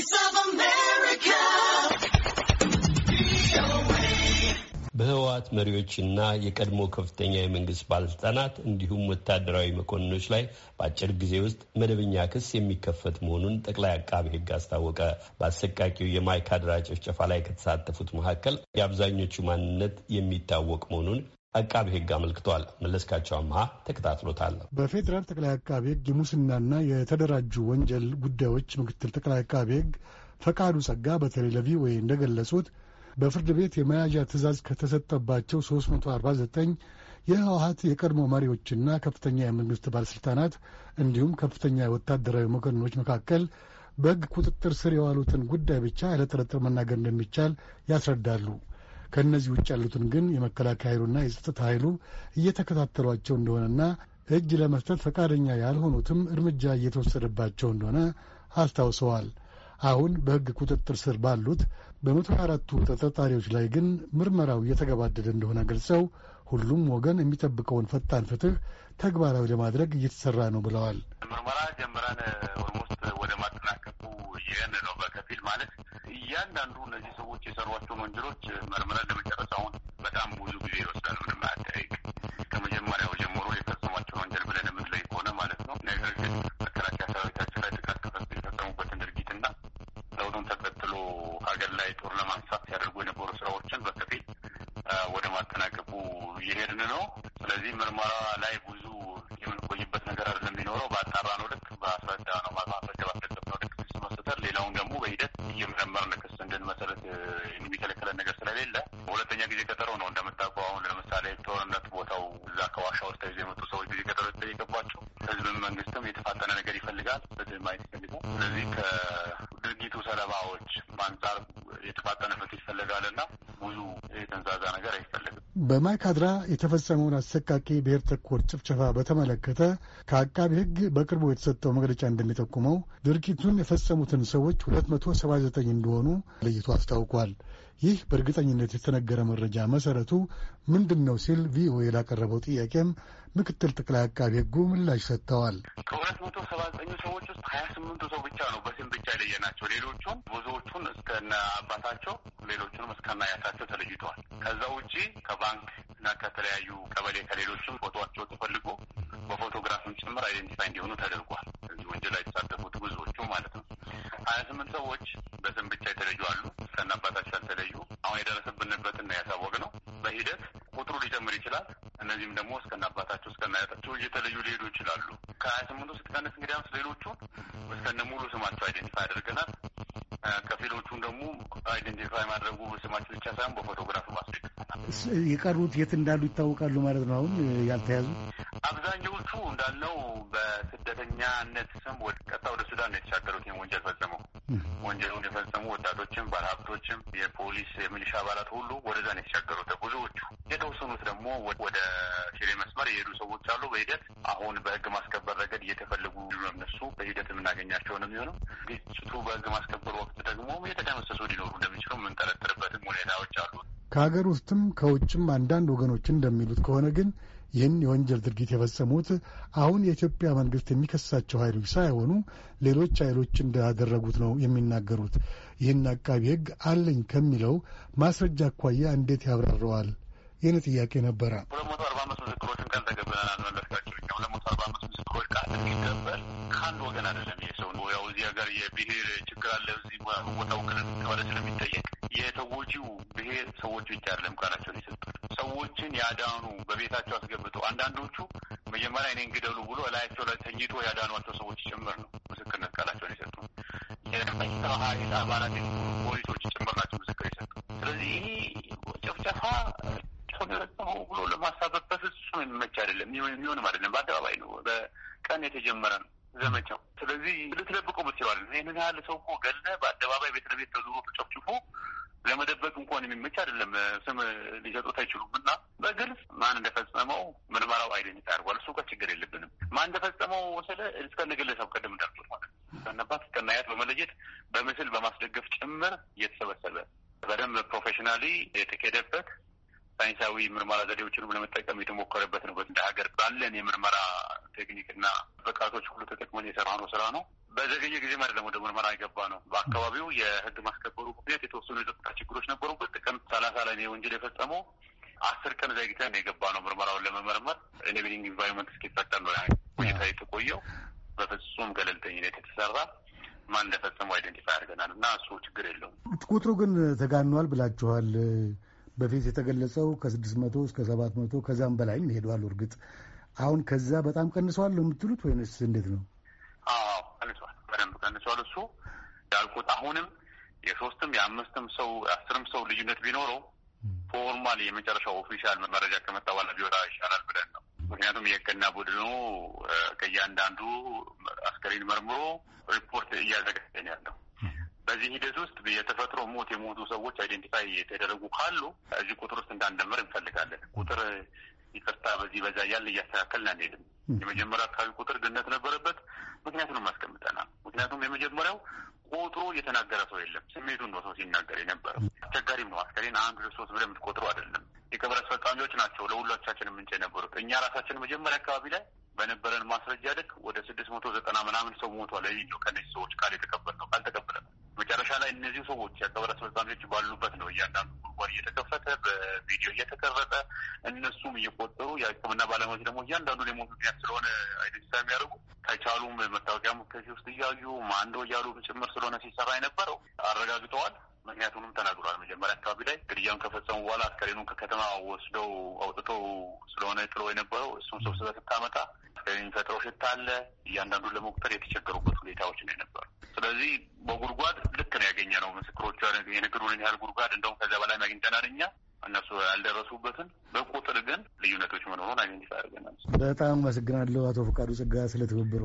Voice of America. በህወሓት መሪዎችና የቀድሞ ከፍተኛ የመንግስት ባለስልጣናት እንዲሁም ወታደራዊ መኮንኖች ላይ በአጭር ጊዜ ውስጥ መደበኛ ክስ የሚከፈት መሆኑን ጠቅላይ አቃቢ ሕግ አስታወቀ። በአሰቃቂው የማይካድራ ጭፍጨፋ ላይ ከተሳተፉት መካከል የአብዛኞቹ ማንነት የሚታወቅ መሆኑን አቃቢ ሕግ አመልክቷል። መለስካቸው አምሃ ተከታትሎታል። በፌዴራል ጠቅላይ አቃቤ ሕግ የሙስናና የተደራጁ ወንጀል ጉዳዮች ምክትል ጠቅላይ አቃቤ ሕግ ፈቃዱ ጸጋ በተለይ ለቪኦኤ እንደገለጹት በፍርድ ቤት የመያዣ ትዕዛዝ ከተሰጠባቸው 349 የህወሀት የቀድሞ መሪዎችና ከፍተኛ የመንግስት ባለሥልጣናት እንዲሁም ከፍተኛ ወታደራዊ መኮንኖች መካከል በሕግ ቁጥጥር ስር የዋሉትን ጉዳይ ብቻ ያለጥርጥር መናገር እንደሚቻል ያስረዳሉ። ከእነዚህ ውጭ ያሉትን ግን የመከላከያ ኃይሉና የጸጥታ ኃይሉ እየተከታተሏቸው እንደሆነና እጅ ለመስጠት ፈቃደኛ ያልሆኑትም እርምጃ እየተወሰደባቸው እንደሆነ አስታውሰዋል። አሁን በሕግ ቁጥጥር ስር ባሉት በመቶ አራቱ ተጠርጣሪዎች ላይ ግን ምርመራው እየተገባደደ እንደሆነ ገልጸው ሁሉም ወገን የሚጠብቀውን ፈጣን ፍትህ ተግባራዊ ለማድረግ እየተሰራ ነው ብለዋል። ምርመራ ጀምረን ኦልሞስት ወደ ማጠናቀቁ ይህን ማለት እያንዳንዱ እነዚህ ሰዎች የሰሯቸውን ወንጀሎች መርምረን ለመጨረስ በጣም ብዙ ጊዜ ይወስዳል። ምንም አያጠያይቅ ከመጀመሪያው ጀምሮ የፈጸሟቸውን ወንጀል ብለን የምንለይ ከሆነ ማለት ነው። ነገር ግን መከላከያ ሰራዊታችን ላይ ጥቃት ከፈጽ የፈጸሙበትን ድርጊትና ለውጡን ተከትሎ ሀገር ላይ ጦር ለማንሳት ሲያደርጉ የነበሩ ስራዎችን በከፊል ወደ ማጠናቀቁ እየሄድን ነው። ስለዚህ ምርመራ ላይ ብዙ የምንቆይበት ነገር አይደለም የሚኖረው በአጣራ ነው ልክ በአስረዳ ነው ማስረጃ ባስደገፍ ነው ልክ ሌላውን ደግሞ በሂደት የጨመርን ክስ እንድንመሰረት የሚከለክለን ነገር ስለሌለ ሁለተኛ ጊዜ ቀጠሮ ነው። እንደምታውቀው አሁን ለምሳሌ ጦርነት ቦታው እዛ ከዋሻ ውስጥ ተይዘው የመጡ ሰዎች ጊዜ ቀጠሮ የተጠየቀባቸው ህዝብም መንግስትም የተፋጠነ ነገር ይፈልጋል፣ ፍትህ ማየት ይፈልጋል። ስለዚህ ከድርጊቱ ሰለባዎች አንጻር የተፋጠነ ፍትህ ይፈለጋልና ብዙ የተንዛዛ ነገር አይፈለግም። በማይካድራ የተፈጸመውን አሰቃቂ ብሔር ተኮር ጭፍጨፋ በተመለከተ ከአቃቢ ሕግ በቅርቡ የተሰጠው መግለጫ እንደሚጠቁመው ድርጊቱን የፈጸሙትን ሰዎች ሁለት መቶ ሰባ ዘጠኝ እንደሆኑ ለይቶ አስታውቋል። ይህ በእርግጠኝነት የተነገረ መረጃ መሰረቱ ምንድን ነው ሲል ቪኦኤ ላቀረበው ጥያቄም ምክትል ጠቅላይ አቃቢ ህጉ ምላሽ ሰጥተዋል። ከሁለት መቶ ሰባ ዘጠኙ ሰዎች ውስጥ ሀያ ስምንቱ ሰው ብቻ ነው በስም ብቻ ናቸው። ሌሎቹም ብዙዎቹን እስከነ አባታቸው ሌሎቹንም እስከና ያሳቸው ተለይተዋል። ከዛ ውጪ ከባንክ እና ከተለያዩ ቀበሌ ከሌሎችም ፎቶቸው ተፈልጎ በፎቶግራፍም ጭምር አይደንቲፋይ እንዲሆኑ ተደርጓል። እዚህ ወንጀል ላይ የተሳተፉት ብዙዎቹ ማለት ነው። ሀያ ስምንት ሰዎች በስም ብቻ የተለዩ አሉ። እስከነ አባታቸው ያልተለዩ አሁን የደረሰብንበት ያሳወቅ ነው። በሂደት ቁጥሩ ሊጨምር ይችላል። እነዚህም ደግሞ እስከነ አባታቸው እስከነ አያታቸው እየተለዩ ሊሄዱ ይችላሉ። ከሀያ ስምንቱ ስትቀንስ እንግዲህ አንስ ሌሎቹ እስከነ ሙሉ ስማቸው አይደንቲፋይ አድርገናል። ከፊሎቹም ደግሞ አይደንቲፋይ ማድረጉ ስማቸው ብቻ ሳይሆን በፎቶግራፍ ማስደግፈናል። የቀሩት የት እንዳሉ ይታወቃሉ ማለት ነው። አሁን ያልተያዙ ወጣቶችም፣ ባለሀብቶችም፣ የፖሊስ የሚሊሻ አባላት ሁሉ ወደዛ ነው የተሻገሩት ብዙዎቹ። የተወሰኑት ደግሞ ወደ ሽሬ መስመር የሄዱ ሰዎች አሉ። በሂደት አሁን በህግ ማስከበር ረገድ እየተፈለጉ እነሱ በሂደት የምናገኛቸው ነው የሚሆነው። ግጭቱ በህግ ማስከበር ወቅት ደግሞ የተደመሰሱ ሊኖሩ እንደሚችሉ የምንጠረጥርበትም ሁኔታዎች አሉ። ከሀገር ውስጥም ከውጭም አንዳንድ ወገኖች እንደሚሉት ከሆነ ግን ይህን የወንጀል ድርጊት የፈጸሙት አሁን የኢትዮጵያ መንግስት የሚከሳቸው ኃይሎች ሳይሆኑ ሌሎች ኃይሎች እንዳደረጉት ነው የሚናገሩት። ይህን አቃቢ ሕግ አለኝ ከሚለው ማስረጃ አኳያ እንዴት ያብራረዋል? ይህን ጥያቄ ነበረ። ሁለት መቶ አርባ አምስት ምስክሮችን ቃል ተገብተናል አልመለስካቸው። ሁለት መቶ አርባ አምስት ምስክሮች ቃል የሚቀበል ከአንድ ወገን አይደለም። ይሄ ሰው ያው እዚህ ሀገር የብሄር ችግር አለ እዚህ ቦታ ውክልና ስለሚጠየቅ ሰዎቹ እንጂ አይደለም ቃላቸውን የሰጡት ሰዎችን ያዳኑ በቤታቸው አስገብቶ አንዳንዶቹ መጀመሪያ እኔ እንግደሉ ብሎ እላያቸው ላይ ተኝቶ ያዳኗቸው ሰዎች ጭምር ነው ምስክርነት ቃላቸውን የሰጡ። የመኝታ ኃይል አባላት ፖሊሶች ጭምር ናቸው ምስክር የሰጡ። ስለዚህ ይሄ ጭፍጨፋ ተፈጸመው ብሎ ለማሳበብ በፍጹም የሚመች አይደለም፣ የሚሆንም አይደለም። በአደባባይ ነው፣ በቀን የተጀመረ ነው ዘመቻው። ስለዚህ ልትለብቁ ምትችለዋል። ይህንን ያህል ሰው እኮ ገለ በአደባባይ ቤት ለቤት ተዙሮ ተጨፍጭፎ ለመደበቅ እንኳን የሚመች አይደለም። ስም ሊሰጡት አይችሉም እና በግልጽ ማን እንደፈጸመው ምርመራው አይደንት ያደርጓል። እሱ ጋር ችግር የለብንም። ማን እንደፈጸመው ወሰለ እስከነ ግለሰብ ቀደም እንዳልኩት ማለት ከነባት ከናያት በመለየት በምስል በማስደገፍ ጭምር እየተሰበሰበ በደንብ ፕሮፌሽናሊ የተካሄደበት ሳይንሳዊ ምርመራ ዘዴዎችንም ለመጠቀም የተሞከረበት ነው። እንደ ሀገር ባለን የምርመራ ቴክኒክና ብቃቶች ሁሉ ተጠቅመን የሰራነው ስራ ነው። በዘገየ ጊዜ ማለት ወደ ምርመራ የገባ ነው። በአካባቢው የህግ ማስከበሩ ምክንያት የተወሰኑ የጸጥታ ችግሮች ነበሩበት። ጥቅምት ሰላሳ ላይ ነው ወንጀል የፈጸመው። አስር ቀን ዘግተን የገባ ነው ምርመራውን ለመመርመር ኢንቪሊንግ ኢንቫይሮንመንት እስኪፈጠር ነው ቆይታ የተቆየው። በፍጹም ገለልተኝነት የተሰራ ማን እንደፈጸመው አይደንቲፋይ አድርገናል እና እሱ ችግር የለውም። ቁጥሩ ግን ተጋኗል ብላችኋል። በፊት የተገለጸው ከስድስት መቶ እስከ ሰባት መቶ ከዛም በላይም ሄደዋል። እርግጥ አሁን ከዛ በጣም ቀንሰዋል ነው የምትሉት ወይንስ እንዴት ነው? ቀንሷል። እሱ ያልኩት አሁንም የሶስትም የአምስትም ሰው አስርም ሰው ልዩነት ቢኖረው ፎርማል የመጨረሻው ኦፊሻል መረጃ ከመጣ በኋላ ቢወጣ ይሻላል ብለን ነው። ምክንያቱም የህግና ቡድኑ ከእያንዳንዱ አስከሬን መርምሮ ሪፖርት እያዘጋጀን ያለው በዚህ ሂደት ውስጥ የተፈጥሮ ሞት የሞቱ ሰዎች አይደንቲፋይ የተደረጉ ካሉ እዚህ ቁጥር ውስጥ እንዳንደምር እንፈልጋለን። ቁጥር ይቅርታ፣ በዚህ በዛ እያለ እያስተካከልን አንሄድም። የመጀመሪያ አካባቢ ቁጥር ግነት ነበረበት፣ ምክንያቱንም አስቀምጠናል። ምክንያቱም የመጀመሪያው ቆጥሮ እየተናገረ ሰው የለም። ስሜቱን ነው ሰው ሲናገር የነበረው። አስቸጋሪም ነው። አስከሬን አንድ ሶስት ብለህ የምትቆጥሩ አይደለም። የቀብር አስፈጻሚዎች ናቸው ለሁላቻችን ምንጭ የነበሩት። እኛ ራሳችን መጀመሪያ አካባቢ ላይ በነበረን ማስረጃ ልክ ወደ ስድስት መቶ ዘጠና ምናምን ሰው ሞቷል። ይህ ነው ከነዚህ ሰዎች ቃል የተቀበልነው ቃል ተቀብለናል። መጨረሻ ላይ እነዚህ ሰዎች የአቀባበል አስፈጻሚዎች ባሉበት ነው እያንዳንዱ ጉድጓድ እየተከፈተ በቪዲዮ እየተቀረጠ እነሱም እየቆጠሩ የሕክምና ባለሙያዎች ደግሞ እያንዳንዱ የሞት ምክንያት ስለሆነ አይደንቲፋይ የሚያደርጉ ከቻሉም መታወቂያ ከፊ ውስጥ እያዩ ማንዶ እያሉ ጭምር ስለሆነ ሲሰራ የነበረው አረጋግጠዋል። ምክንያቱንም ተናግሯል። መጀመሪያ አካባቢ ላይ ግድያውን ከፈጸሙ በኋላ አስከሬኑን ከከተማ ወስደው አውጥተው ስለሆነ ጥሎ የነበረው እሱም ሰብስበ ስታመጣ አስከሬን የሚፈጥረው ሽታ አለ። እያንዳንዱን ለመቁጠር የተቸገሩበት ሁኔታዎች ነው የነበሩ። ስለዚህ በጉድጓድ ልክ ነው ያገኘ ነው ምስክሮቹ የንግሩን ያህል ጉድጓድ እንደውም ከዚያ በላይ አግኝተናል እኛ እነሱ ያልደረሱበትን በቁጥር ግን ልዩነቶች መኖሩን አግኝታ ያደርገናል። በጣም አመሰግናለሁ አቶ ፈቃዱ ጽጋ ስለ ትብብሮ